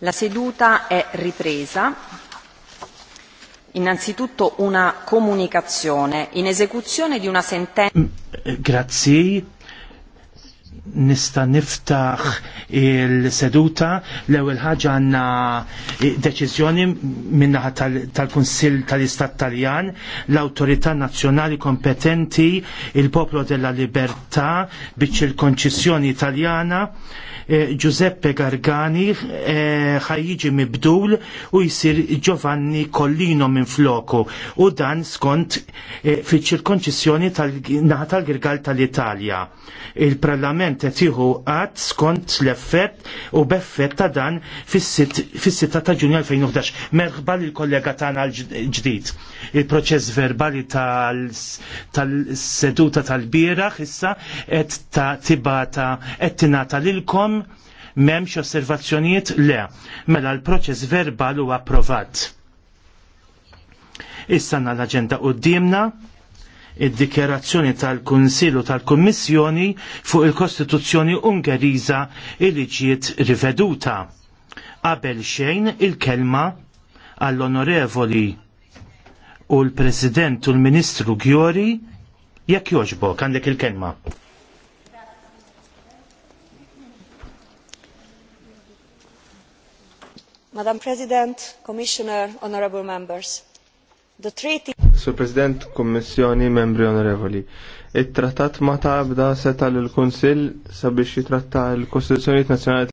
La seduta è ripresa. Innanzitutto una comunicazione in esecuzione di una sentenza. Mm, eh, grazie nista niftaħ il-seduta l ewwel ħaġa għanna deċizjoni minnaħa tal-Kunsill tal tal-Istat Taljan l-autorità nazzjonali kompetenti il poplo della Libertà biex il-konċissjoni italjana eh, Giuseppe Gargani eh, ħajjiġi mibdul u jisir Giovanni Collino minn floku u dan skont e, eh, fiċ-ċirkonċissjoni tal-naħa tal-Girgal tal-Italja. Il-Parlament il-Parlament qed jieħu skont l-effett u b'effett ta' dan fis-6 ta' Ġunju 2011. Merħba il kollega tagħna l-ġdid. Il-proċess verbali tal-seduta tal-bieraħ issa qed ta' tibata qed tingħata lilkom m'hemmx osservazzjonijiet le. Mela l-proċess verbal huwa approvat. Issa l-aġenda qudiemna id-dikjerazzjoni tal-Kunsilu tal-Kummissjoni fuq il-Kostituzzjoni Ungeriża li ġiet riveduta. Qabel xejn il-kelma għall-Onorevoli u l-President u l-Ministru Gjori jekk joġbo għandek il-kelma. Madam President, Commissioner, Honorable Members, the treaty Sur President, Kommissjoni, Membri Onorevoli. Il-trattat ma tabda seta l konsil sabiex jitratta l-Kostituzzjoni Nazjonali